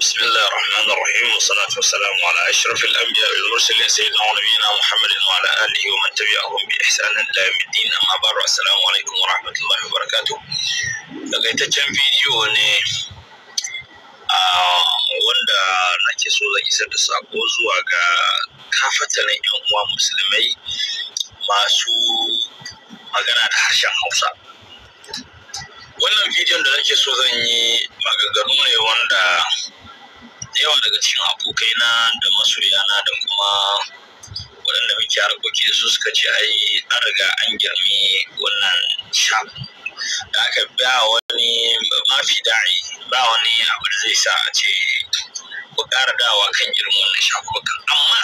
بسم الله الرحمن الرحيم والصلاة والسلام على أشرف الأنبياء والمرسلين سيدنا ونبينا محمد وعلى آله ومن تبعهم بإحسان إلى يوم الدين أما بعد السلام عليكم ورحمة الله وبركاته takaitaccen bidiyo ne a wanda nake so zan isar da sako zuwa ga kafatanin 'yan uwa musulmai masu magana da harshen hausa wannan bidiyon da nake so zan yi maganganu ne wanda yawa daga cikin abokaina da masoyana da kuma waɗanda muke harkoki da su suka ce ai an riga an girmi wannan shafi da aka ba wani mafi da'i ba wani abu da zai sa a ce ku ƙara dawa kan girman wannan shafi amma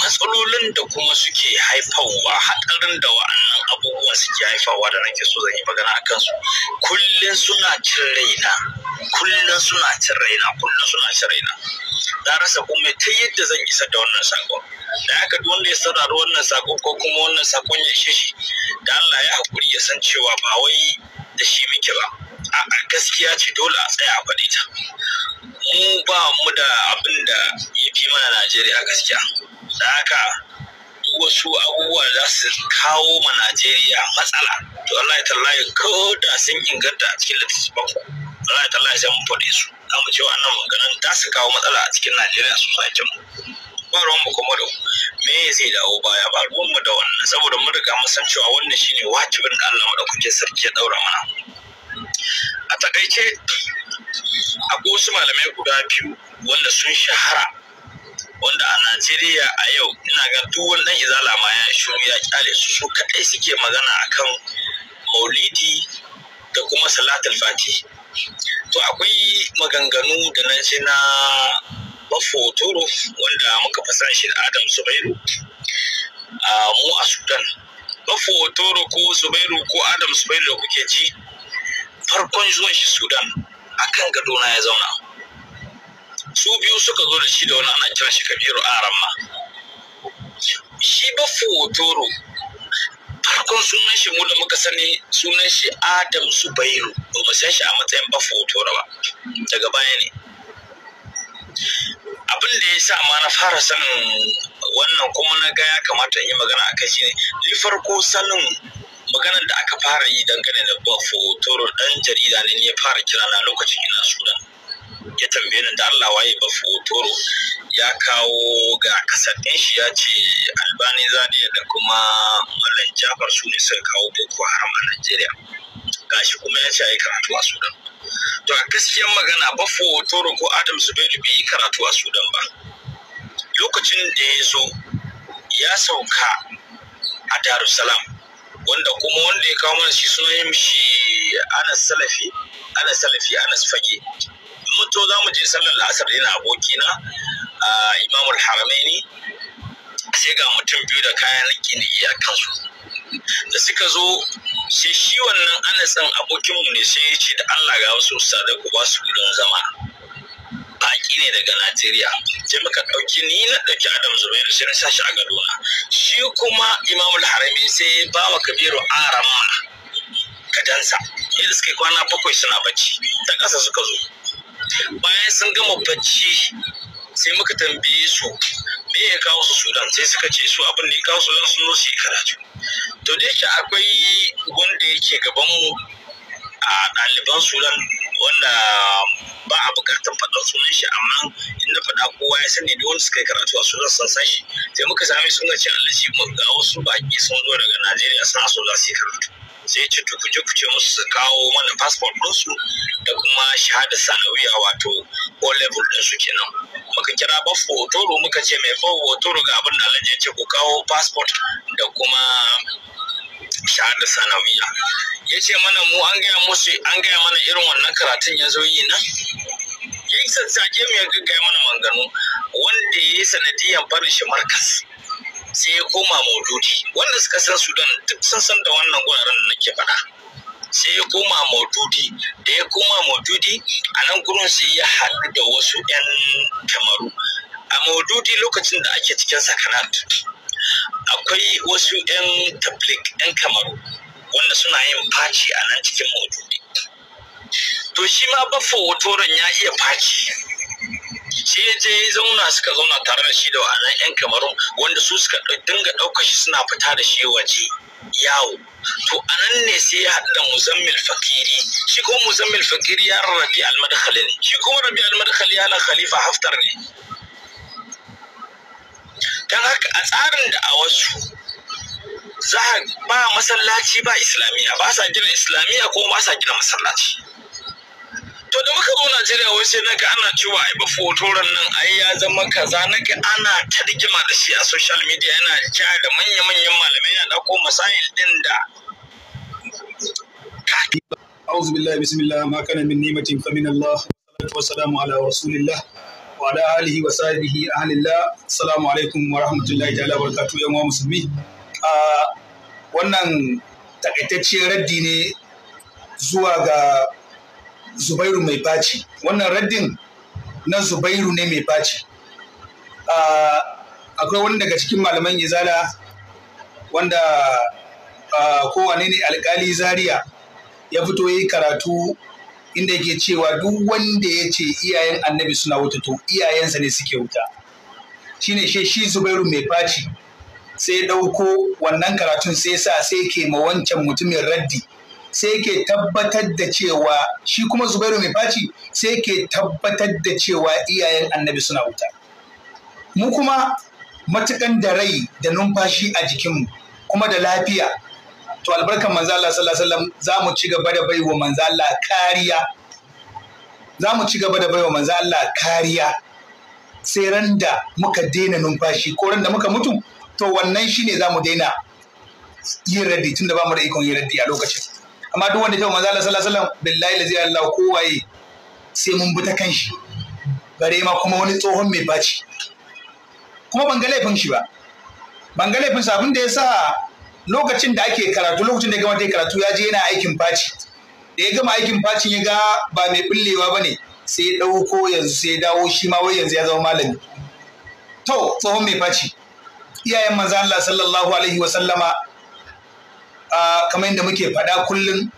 matsalolin da kuma suke haifawa, haɗarin da wa'annan abubuwan suke haifawa da nake so zan yi magana a kansu kullum suna cin raina kullum suna cin raina kullum suna cin raina na rasa kuma ta yadda zan isa da wannan sakon da aka duk wanda ya saurari wannan sakon ko kuma wannan sakon ya shi da Allah ya hakuri ya san cewa ba wai da shi muke ba a'a gaskiya ce dole a tsaya a faɗi ta mu ba mu da abin da ya fi mana Najeriya gaskiya da haka wasu abubuwa za su kawo ma Najeriya matsala to Allah ya tallaye ko da sun inganta a cikin littattafan ku Allah ya tallaye sai mun faɗe su za mu cewa nan maganan ta su kawo matsala a cikin Najeriya su sake mu ba ruwan mu kuma da me zai dawo baya ba ruwan mu da wannan saboda mun riga mun san cewa wannan shine wajibin da Allah kuke sarki ya daura mana a takaice akwai wasu malamai guda biyu wanda sun shahara wanda a Najeriya a yau ina ga duk wannan ya izala ma ya shiru ya kyale su su kadai suke magana akan maulidi da kuma salatul fati to akwai maganganu da na shi na Bafoturu wanda muka fasa shi da Adam Zubairu a mu a Sudan Bafoturu ko Zubairu ko Adam Zubairu da kuke ji farkon zuwan shi Sudan akan gado na ya zauna su biyu suka zo da shi da wani ana kiran shi kabiru ramma. shi ba fotoro farkon sunan shi mu da muka sani sunan shi adam subairu ba mu san shi a matsayin ba fotoro ba daga baya ne abin da ya sa ma na fara sanin wannan kuma na ga ya kamata in yi magana a kai shine ni farko sanin maganar da aka fara yi dangane da ba fotoro dan jarida ne ya fara kira na lokacin ina sudan ya tambaye ni da Allah waye ba fotoro ya kawo ga kasar din shi ya ce albani zani da kuma mallan jafar su ne suka kawo boko haram a Najeriya gashi kuma ya ce a yi karatu a Sudan to a gaskiyar magana ba fotoro ko Adam su bai bi karatu a Sudan ba lokacin da ya zo ya sauka a Darussalam wanda kuma wanda ya kawo mana shi sunan shi Anas Salafi Anas Salafi Anas Fage mutu za mu je sallar la'asar yana abokina a imamul haramaini sai ga mutum biyu da kayan gini a kansu da suka zo sai shi wannan anasan abokinmu ne sai ya ce da allah ga wasu sada ku ba su gudun zama baki ne daga najeriya sai muka ɗauki ni na ɗauki adam zubairu sai na sa shi a gadona shi kuma imamul harami sai ba wa kabiru arama kadansa yadda suka kwana bakwai suna bacci ta ƙasa suka zo bayan sun gama bacci sai muka tambaye su me ya kawo su sudan sai suka ce su abin da ya kawo sudan sun su yi karatu to da yake akwai wanda yake gaban mu a ɗaliban sudan wanda ba a bukatar faɗar sunan shi amma in na faɗa kowa ya sani da wanda suka yi karatu a sudan sun san shi sai muka sami suna ce alaji ga wasu baƙi sun zo daga najeriya suna so za su yi karatu sai ya ce to ku musu su kawo mana passport su da kuma shahada sanawiya wato o level su kenan muka kira ba fotoro muka ce mai bafo fotoro ga abin da alhaji ce ku kawo passport da kuma shahada sanawiya ya ce mana mu an gaya musu an gaya mana irin wannan karatun ya zo yi nan ya yi sassake mu ya gaggaya mana manganu wanda ya yi sanadiyan barin shi markas sai ya koma maududi wanda suka san sudan duk sun san da wannan guraren da ke faɗa sai ya koma maududi da ya koma maududi a nan gurin sai ya haɗu da wasu 'yan kamaru a maududi lokacin da ake cikin sakanat akwai wasu 'yan tablik 'yan kamaru wanda suna yin faci a nan cikin maududi to shi ma baffo watoron ya iya faci Shi ya je ya zauna suka zauna tare da shi da wa'annan yan kamarun wanda su suka dinga ɗaukar shi suna fita da shi waje yawo to a nan ne sai ya haɗu da muzammil fakiri shi kuma muzammil fakiri ya rabi almadkhali ne shi kuma rabi almadkhali ya la khalifa haftar ne dan haka a tsarin da a wasu za ba masallaci ba islamiyya ba sa gina islamiyya ko ba sa gina masallaci to da muka zo Najeriya wai sai naga ana cewa ai ba fotoran nan ai ya zama kaza naga ana ta da shi a social media yana ja da manya-manyan malamai yana dauko masail din da أعوذ بالله بسم الله ما كان من نعمة فمن الله والسلام على رسول الله وعلى آله وصحبه أهل الله السلام عليكم ورحمة الله تعالى وبركاته يا مسلمين wannan takaitaccen raddi ne zuwa ga zubairu mai baci wannan raddin na zubairu ne mai baci akwai wani daga cikin malaman izala wanda kowane ne alkali zaria ya fito yi karatu inda yake cewa duk wanda ya ce iyayen annabi suna wuta to iyayensa ne suke wuta shine ne shi zubairu mai baci sai ɗauko wannan karatun sai sa sai ke ma wancan mutumin raddi sai ke tabbatar da cewa shi kuma zubairu mai faci sai ke tabbatar da cewa iyayen annabi suna wuta mu kuma matukan da rai da numfashi a jikinmu kuma da lafiya to albarkan manzo Allah sallallahu alaihi za mu ci gaba da baiwa manzo Allah kariya za mu ci gaba da baiwa manzo Allah kariya sai ran da muka daina numfashi ko ran da muka mutu to wannan shine za mu daina yin raddi tunda ba mu da ikon yin raddi a lokacin amma duk wanda ya manzo Allah sallallahu alaihi wasallam billahi lazi Allah kowaye sai mun bi ta kan shi bare ma kuma wani tsohon mai baci kuma ban ga laifin shi ba ban ga laifin sa abin da yasa lokacin da ake karatu lokacin da ya gama karatu ya je yana aikin baci da ya gama aikin bacin ya ga ba mai billewa bane sai ya dauko yanzu sai ya dawo shi ma wai yanzu ya zama malami to tsohon mai baci iyayen manzo Allah sallallahu alaihi wa sallama kamar yadda muke faɗa kullum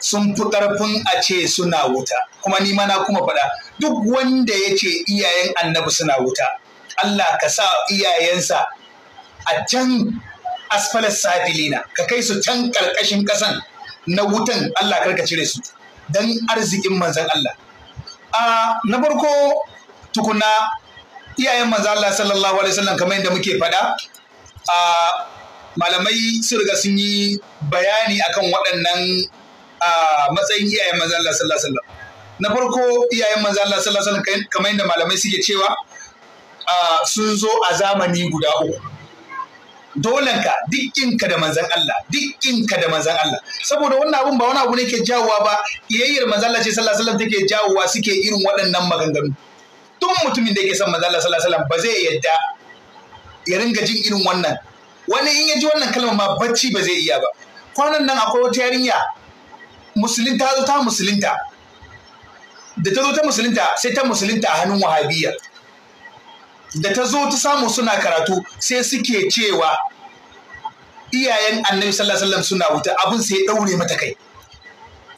sun fi ƙarfin a ce suna wuta kuma ni mana na kuma faɗa duk wanda ya ce iyayen annabi suna wuta Allah ka sa iyayensa a can asfalar safilina ka kai su can ƙarƙashin ƙasan na wutan Allah karka cire su don arzikin manzan Allah a na farko tukuna iyayen manzan Allah sallallahu alaihi wasallam kamar yadda muke faɗa malamai sun riga sun yi bayani akan waɗannan a matsayin iyayen manzo Allah sallallahu alaihi wasallam na farko iyayen manzo Allah sallallahu alaihi wasallam kamar yadda malamai suke cewa sun zo a zamani guda uku dolenka dukkinka da manzan Allah dukkinka da manzan Allah saboda wannan abun ba wani abu ne ke jawowa ba iyayyar manzan Allah ce sallallahu alaihi wasallam take jawowa suke irin waɗannan maganganu duk mutumin da yake son manzan Allah sallallahu alaihi wasallam ba zai yadda ya ringa jin irin wannan wani in ya ji wannan kalmar ma bacci ba zai iya ba kwanan nan akwai wata yarinya musulunta zo ta musulunta da ta zo ta musulunta sai ta musulunta a hannun wahabiya da ta zo ta samu suna karatu sai suke cewa iyayen annabi sallallahu alaihi suna wuta abin sai ya daure mata kai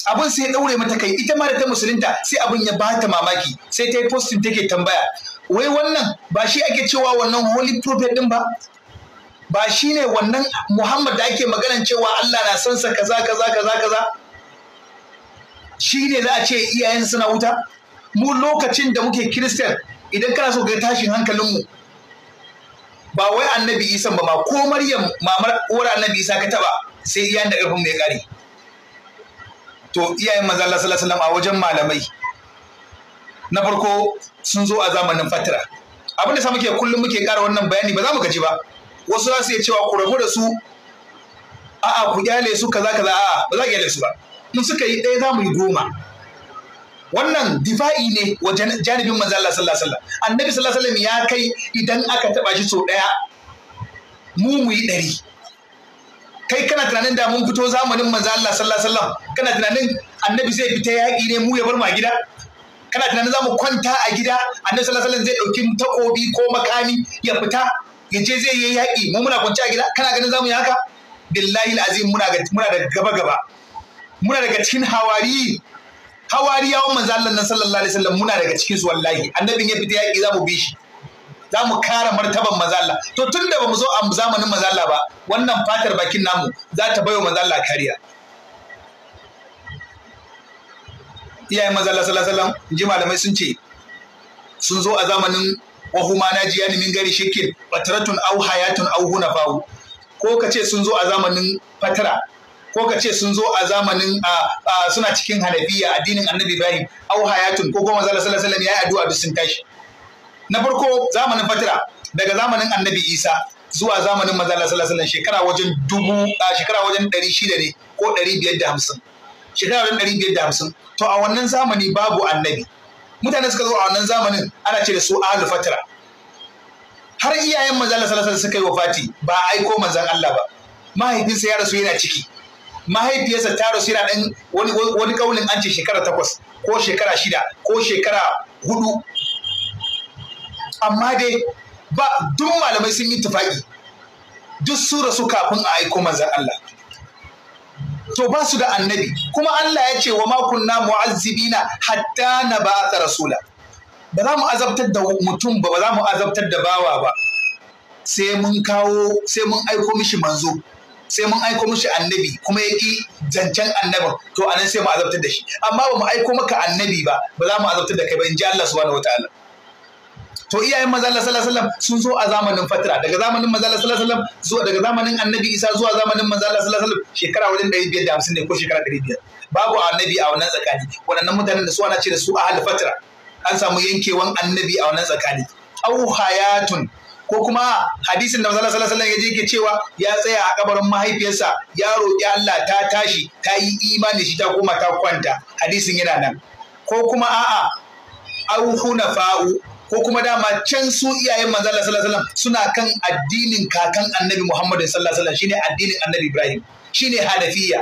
abin sai ya daure mata kai ita ma da ta musulunta sai abin ya ba ta mamaki sai ta yi posting take tambaya wai wannan ba shi ake cewa wannan holy prophet din ba ba shi ne wannan Muhammad da ake maganan cewa Allah na sansa sa kaza kaza kaza kaza ne za a ce iyayen suna wuta mu lokacin da muke kiristiyan idan kana so ga tashin hankalinmu ba wai annabi Isa ba ba ko Maryam mamar uwar annabi Isa ka taba sai iyayen da ƙarfin mai kare to iyayen manzo Allah sallallahu alaihi a wajen malamai na farko sun zo a zamanin fatira abinda sa muke kullum muke ƙara wannan bayani ba za mu gaji ba wasu za su iya cewa ku rabu da su a'a ku kyale su kaza kaza a'a ba za kyale su ba in suka yi ɗaya za mu yi goma wannan difa'i ne wa janibin manzo Allah sallallahu alaihi wasallam annabi sallallahu alaihi wasallam ya kai idan aka taba shi sau ɗaya mu mu yi ɗari kai kana tunanin da mun fito zamanin manzo Allah sallallahu alaihi wasallam kana tunanin annabi zai fita yaƙi ne mu ya bar mu a gida kana tunanin za mu kwanta a gida annabi sallallahu alaihi wasallam zai ɗauki takobi ko makami ya fita ya je zai yi yaƙi mu muna kwanci a gida kana ganin zamu yi haka billahi alazim muna muna da gaba gaba muna daga cikin hawari hawari wannan manzo Allah sallallahu alaihi wasallam muna daga cikin su wallahi annabin ya fita yaƙi zamu bi shi za mu kare martaban manzo Allah to tunda ba mu zo a zamanin manzo Allah ba wannan fatar bakin namu za ta bayo manzo Allah kariya iyayen manzo Allah sallallahu alaihi wasallam inji malamai sun ce sun zo a zamanin na jiya najiyani min gari shirkin fataratun au hayatun au fahu. ko ka ce sun zo a zamanin fatara ko ka ce sun zo a zamanin suna cikin hanabiya addinin annabi ibrahim au hayatun ko kuma zala sallallahu alaihi ya yi addu'a duk sun tashi na farko zamanin fatara daga zamanin annabi isa zuwa zamanin mazala salasalan shekara wajen dubu shekara wajen ɗari shida ne ko ɗari biyar da hamsin shekara wajen ɗari biyar da hamsin to a wannan zamani babu annabi mutane suka zo a wannan zamanin ana ce da su ahlul fatra har iyayen maza Allah sallallahu alaihi suka yi wafati ba aiko manzan Allah ba mahaifinsa ya rasu yana ciki mahaifiyarsa ta rasu yana ɗan wani wani kaulin an ce shekara takwas ko shekara shida ko shekara hudu amma dai ba duk malamai sun yi tufaki duk su rasu kafin a aiko manzan Allah to ba su da annabi kuma Allah ya ce wa ma kunna mu'azzibina hatta na ba'atha rasula ba za mu azabtar da mutum ba ba za mu azabtar da bawa ba sai mun kawo sai mun aiko mishi manzo sai mun aiko mishi annabi kuma ya ki zancen annabin to anan sai mu azabtar da shi amma ba mu aiko maka annabi ba ba za mu azabtar da kai ba in ji Allah subhanahu wataala to iyayen maza Allah sallallahu alaihi wasallam sun zo a zamanin fatra daga zamanin maza Allah sallallahu alaihi wasallam zuwa daga zamanin annabi Isa zuwa zamanin maza Allah sallallahu alaihi wasallam shekara wajen 550 ne ko shekara 500 babu annabi a wannan tsakani waɗannan mutanen da su ana ce da su ahal fatra an samu yankewan annabi a wannan tsakani aw hayatun ko kuma hadisin da maza Allah sallallahu alaihi wasallam ya je cewa ya tsaya a kabarin mahaifiyarsa ya roƙi Allah ta tashi ta yi imani shi ta koma ta kwanta hadisin yana nan ko kuma a'a na hunafa'u ko kuma dama can su iyayen manzo Allah sallallahu alaihi wasallam suna kan addinin kakan annabi Muhammad sallallahu alaihi wasallam shine addinin annabi Ibrahim shine hanafiya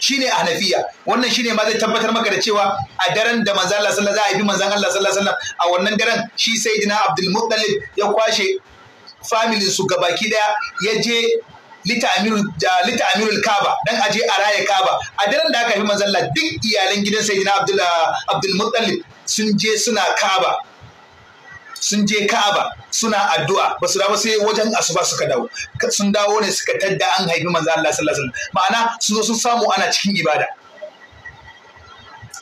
shine hanafiya wannan shine ma zai tabbatar maka da cewa a daren da manzo Allah sallallahu alaihi wasallam za a bi manzo Allah sallallahu alaihi wasallam a wannan daren shi sayyidina Abdul Muttalib ya kwashe familin su gabaki daya ya je lita amirul kaba dan aje a raye kaba a daren da aka fi manzalla duk iyalan gidan na abdul muttalib sun je suna kaba sun je kaba suna addu'a ba su dawo sai wajen asuba suka dawo sun dawo ne suka tadda an haifi manzo Allah sallallahu alaihi wasallam ma'ana sun zo sun samu ana cikin ibada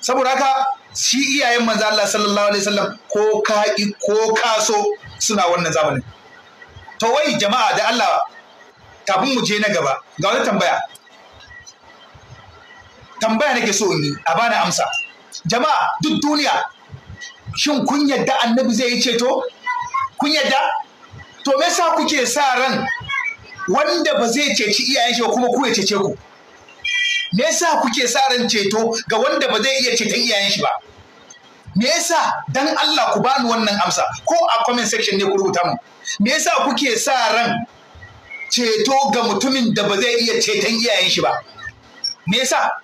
saboda haka shi iyayen manzo Allah sallallahu alaihi wasallam ko ka ko kaso suna wannan zamanin to wai jama'a da Allah kafin mu je na gaba ga wani tambaya tambaya nake so in yi a bani amsa jama'a duk duniya shin kun yadda annabi zai yi ceto kun yadda to me sa kuke sa ran wanda ba zai ceci iyayen shi kuma ku ya cece ku me sa kuke sa ran ceto ga wanda ba zai iya ceton iyayen shi ba me yasa dan Allah ku bani wannan amsa ko a comment section ne ku rubuta mu me yasa kuke sa ran ceto ga mutumin da ba zai iya ceton iyayen shi ba me yasa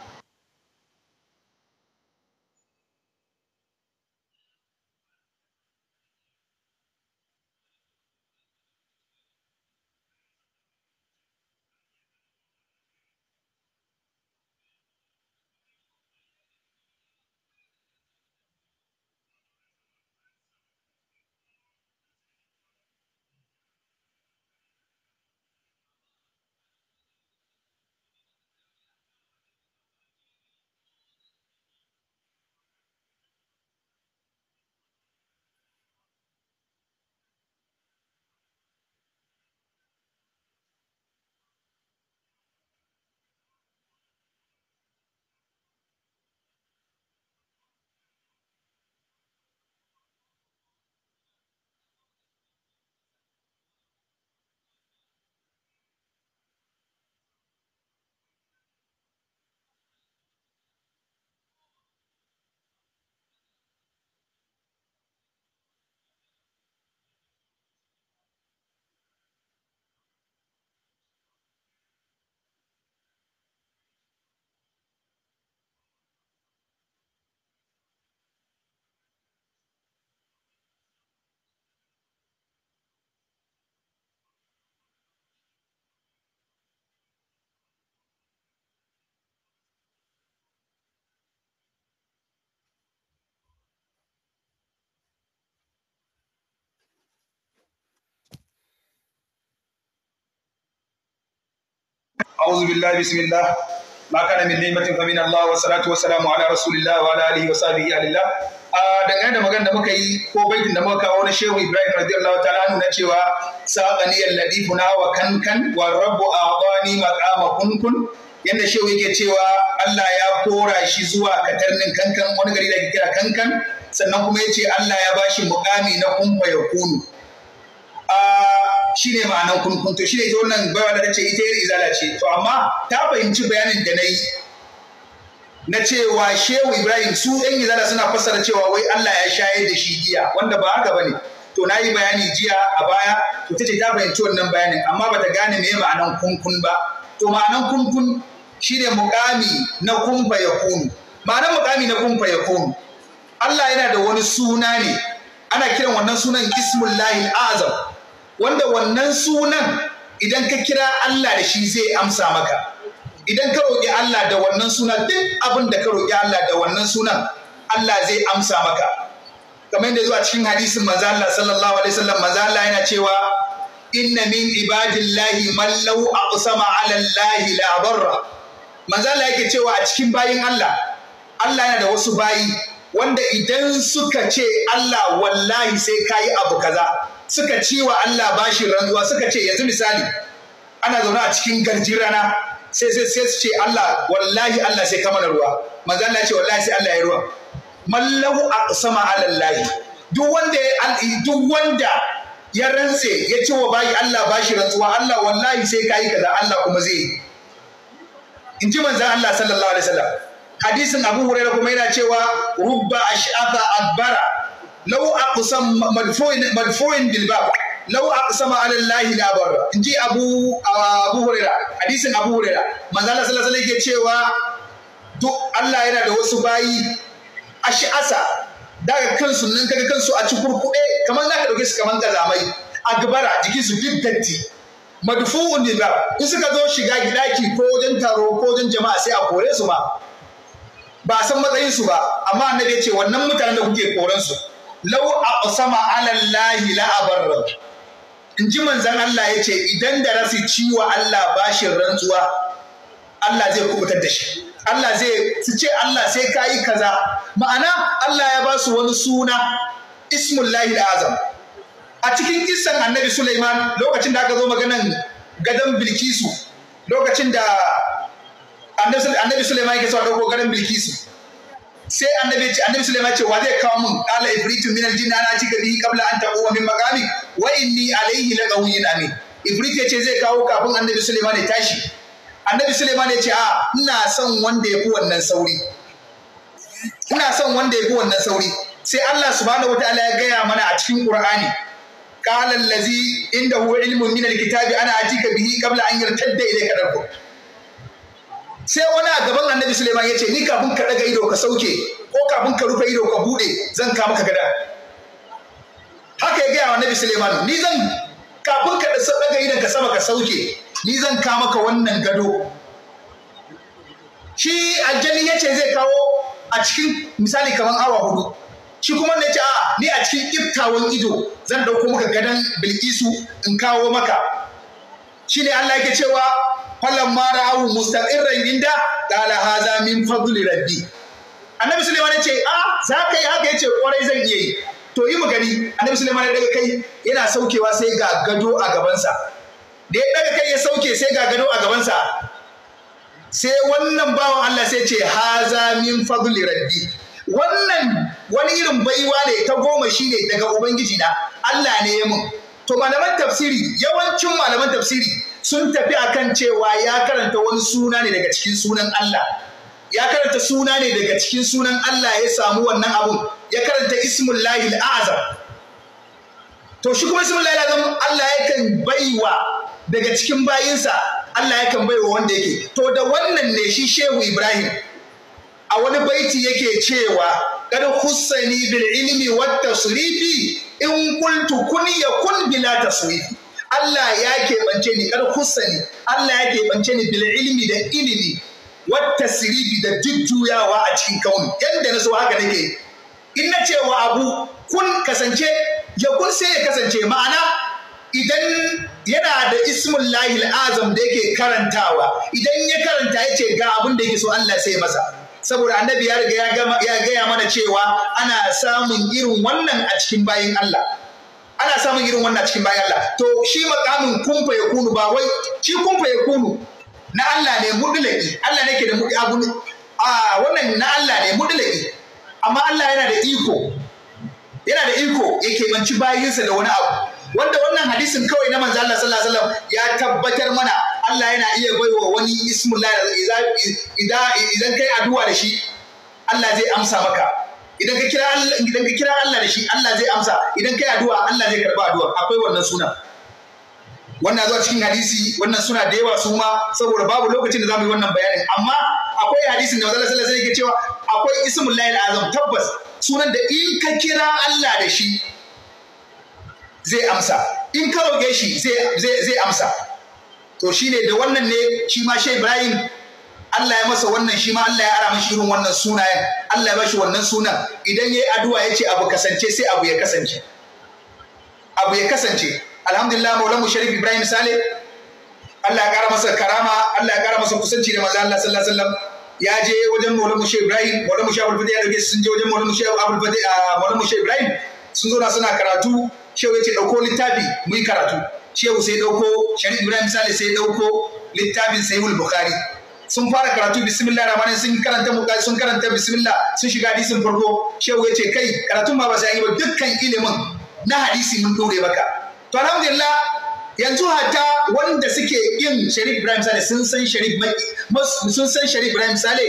أعوذ بالله بسم الله ما كان من نعمة فمن الله والصلاة والسلام على رسول الله وعلى آله وصحبه أهل الله dangane da magana da muka yi ko baitin da muka kawo na shehu ibrahim radiyallahu ta'ala anhu na cewa sabani alladifuna wa kankan wa rabbu a'tani maqama kunkun yadda shehu yake cewa Allah ya kora shi zuwa katarnin kankan wani gari da ke kira kankan sannan kuma ya ce Allah ya bashi mukami na kumfa ya kunu Shi ne ma'anar kunkun to ne ita wannan bayan da tace ita yar izala ce to amma ta fahimci bayanin da na yi. na cewa shehu ibrahim su yan izala suna fassara cewa wai Allah ya shayar da shi giya wanda ba haka bane to na yi bayani jiya a baya to ce ta fahimci wannan bayanin amma ba ta gane me ma'anar kunkun ba to ma'anar kunkun shi ne mukami na kunfa ya kunu ma'anar mukami na kunfa ya kunu Allah yana da wani suna ne ana kiran wannan sunan ismullahi azam wanda wannan sunan idan ka kira Allah da shi zai amsa maka idan ka roƙi Allah da wannan sunan duk abin da ka roƙi Allah da wannan sunan Allah zai amsa maka kamar yadda zuwa cikin hadisin manzo Allah sallallahu alaihi wasallam manzo Allah yana cewa inna min ibadillahi man law aqsama ala allahi la barra manzo Allah yake cewa a cikin bayin Allah Allah yana da wasu bayi wanda idan suka ce Allah wallahi sai kayi abu kaza suka ci wa Allah bashi rantsuwa suka ce yanzu misali ana zaune a cikin garji rana sai sai sai su ce Allah wallahi Allah sai ka mana ruwa manzo Allah ce wallahi sai Allah ya ruwa mallahu aqsama ala Allah duk wanda duk wanda ya rantse ya ce wa bayi Allah bashi rantsuwa Allah wallahi sai ka yi kaza Allah kuma zai in ji manzo Allah sallallahu alaihi wasallam hadisin Abu Hurairah kuma yana cewa rubba ash'afa adbara lau aqsam madfuin madfuin bil bab a aqsama ala allahi la barra inji abu abu huraira hadisin abu huraira manzo Allah sallallahu cewa duk Allah yana da wasu bayi sha'asa daga kansu nan kaga kansu a cikurkuɗe kamar zaka dauke su kamar gazamai a gabara jikin su duk datti madfu'un bil bab in suka zo shiga gidaki ko wajen taro ko wajen jama'a sai a kore su ma ba san matsayinsu su ba amma annabi ya ce wannan mutanen da kuke koran su lau a sama alallahi la'abarra in ji manzan Allah ya ce idan da rasi ciwo Allah bashin rantsuwa Allah zai kubutar da shi Allah zai su ce Allah sai ka yi kaza ma'ana Allah ya ba su wani suna ismullahi azam a cikin kisan annabi Sulaiman lokacin da aka zo maganan gadon Bilkisu lokacin da annabi Sulaiman yake so a gadon Bilkisu sai annabi ce annabi Sulaiman ce wa zai kawo min qala ibritu min aljin ana ci gabi kabla an taquma min maqami wa inni alayhi laqawiyyin amin ibrit ya ce zai kawo kafin annabi Sulaiman ya tashi annabi Sulaiman ya ce a ina son wanda ya fi wannan sauri ina son wanda ya wannan sauri sai Allah subhanahu wataala ya gaya mana a cikin Qur'ani qala allazi indahu ilmun min alkitabi ana atika bihi kabla an yartadda ilayka dalbuk sai wani a gaban annabi suleiman ya ce ni kafin ka daga ido ka sauke ko kafin ka rufe ido ka bude zan ka gada haka ya gaya wa annabi suleiman ni zan kafin ka daga idon ka sama ka sauke ni zan ka wannan gado shi aljani ya ce zai kawo a cikin misali kamar awa hudu shi kuma ne ce a ni a cikin iftawan ido zan ɗauko maka gadon bilkisu in kawo maka shi ne allah yake cewa falan ma ra'ahu mustaqirran inda qala hadha min fadli rabbi annabi sulaiman ya ce a za ka yi haka ya ce kwarai zan iya yi to yi mu gani annabi sulaiman ya daga kai yana saukewa sai ga gado a gabansa da ya daga kai ya sauke sai ga gado a gabansa sai wannan bawan Allah sai ce haza min fadli rabbi wannan wani irin baiwa ne ta goma shi ne daga ubangiji na Allah ne ya mun to malaman tafsiri yawancin malaman tafsiri sun tafi a kan cewa ya karanta wani suna ne daga cikin sunan Allah ya karanta suna ne daga cikin sunan Allah ya samu wannan abun ya karanta ismin lahil azam to shi kuma ismin lahil azam Allah yakan baiwa daga cikin bayinsa Allah yakan baiwa wanda yake to da wannan ne shi Shehu Ibrahim a wani baiti yake cewa kar hussani bil ilimi wat surifi in qultu kun yakun bila tasrifi Allah ya keɓance ni kar kusani Allah ya keɓance ni bil ilmi da ilimi wata siribi da jujjuyawa a cikin kauni yadda na so haka nake in na cewa abu kun kasance ya kun sai ya kasance ma'ana idan yana da ismun azam da yake karantawa idan ya karanta ya ce ga abin da yake so Allah sai masa saboda annabi ya ya gaya mana cewa ana samun irin wannan a cikin bayin Allah ana samun irin wannan cikin bayan Allah to shi makamin kumfa ya kunu ba wai shi kumfa ya kunu na Allah ne mudulaki Allah ne ke da mudi abu a wannan na Allah ne mudulaki amma Allah yana da iko yana da iko ya keɓanci bayinsa da wani abu wanda wannan hadisin kawai na manzo Allah sallallahu alaihi wasallam ya tabbatar mana Allah yana iya baiwa wani ismullah idan idan kai addu'a da shi Allah zai amsa maka idan ka kira Allah idan ka kira Allah da shi Allah zai amsa idan ka yi addu'a Allah zai karba addu'a akwai wannan suna. wannan zuwa cikin hadisi wannan suna da yawa su ma saboda babu lokacin da za mu yi wannan bayanin amma akwai hadisin da Allah sallallahu alaihi wasallam yake cewa akwai ismul layin azam tabbas sunan da in ka kira Allah da shi zai amsa in ka roge shi zai amsa to shine da wannan ne shi ma Ibrahim Allah ya masa wannan shi ma Allah ya ara mashi irin wannan sunayen Allah ya bashi wannan sunan idan yayi addu'a yace abu kasance sai abu ya kasance abu ya kasance alhamdulillah maulamu sharif ibrahim sale Allah ya kara masa karama Allah ya kara masa kusanci da manzo Allah sallallahu alaihi wasallam ya je wajen maulamu shehu ibrahim maulamu shehu abul ya dauke sun je wajen maulamu shehu abul fadiya ah, maulamu shehu ibrahim sun zo na suna karatu shehu yace dauko littafi mu yi karatu shehu sai dauko sharif ibrahim sale sai dauko littafin sahihul bukhari sun fara karatu bismillah rahman sun karanta muka sun karanta bismillah sun shiga hadisin farko shehu ya ce kai karatu ma ba sai yi ba dukkan ilimin na hadisi mun dore maka to alhamdulillah yanzu hatta wanda suke yin sharif ibrahim sale sun san sharif sun san sharif ibrahim sale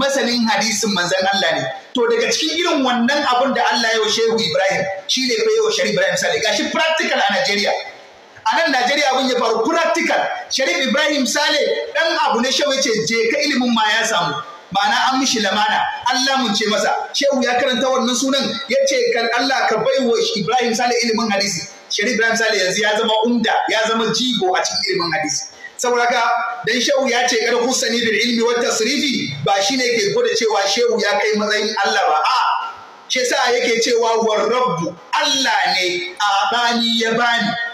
masanin hadisin manzan Allah ne to daga cikin irin wannan abun da Allah ya wa shehu ibrahim shi ne yi wa sharif ibrahim sale gashi practical a Najeriya a nan Najeriya abin ya faru practical Sharif Ibrahim Sale dan abu ne shawai ce je ka ilimin ma ya samu ma'ana an mishi lamana Allah mun ce masa shehu ya karanta wannan sunan ya ce kan Allah ka bai wa Ibrahim Sale ilimin hadisi Sharif Ibrahim Sale yanzu ya zama umda ya zama jigo a cikin ilimin hadisi saboda ka dan shehu ya ce kar kusani bil ilmi wat tasrifi ba shine ke gode cewa shehu ya kai matsayin Allah ba a shi sa yake cewa war rabbu Allah ne a bani ya bani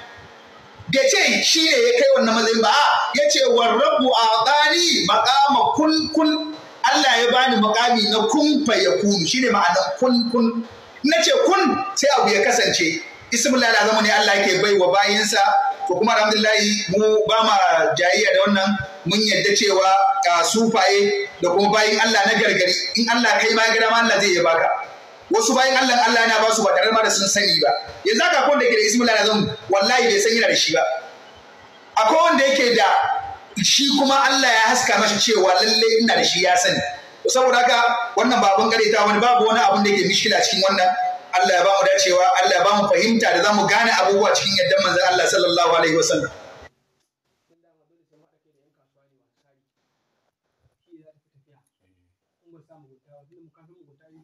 da ce shi ne ya kai wannan matsayin ba ya ce warrabu a bani makama kun Allah ya bani makami na kun ya kunu shi ne ma'ana kun kun na ce kun sai abu ya kasance ismu lala zama ne Allah ke bai wa bayansa. to kuma alhamdulillahi mu ba ma jayayya da wannan mun yadda cewa ka sufaye da kuma bayin Allah na gargari in Allah kai ma ya gada ma Allah zai iya baka wasu bayan Allah Allah yana ba su ba tare da sun sani ba yanzu haka wanda yake da ismul zan wallahi bai san yana da shi ba A wanda yake da shi kuma Allah ya haska masa cewa lalle ina da shi ya sani saboda haka wannan ba abun ta wani babu wani abun da yake mishkila cikin wannan Allah ya ba mu dacewa Allah ya ba mu fahimta da zamu gane abubuwa cikin yaddan manzon Allah sallallahu alaihi wasallam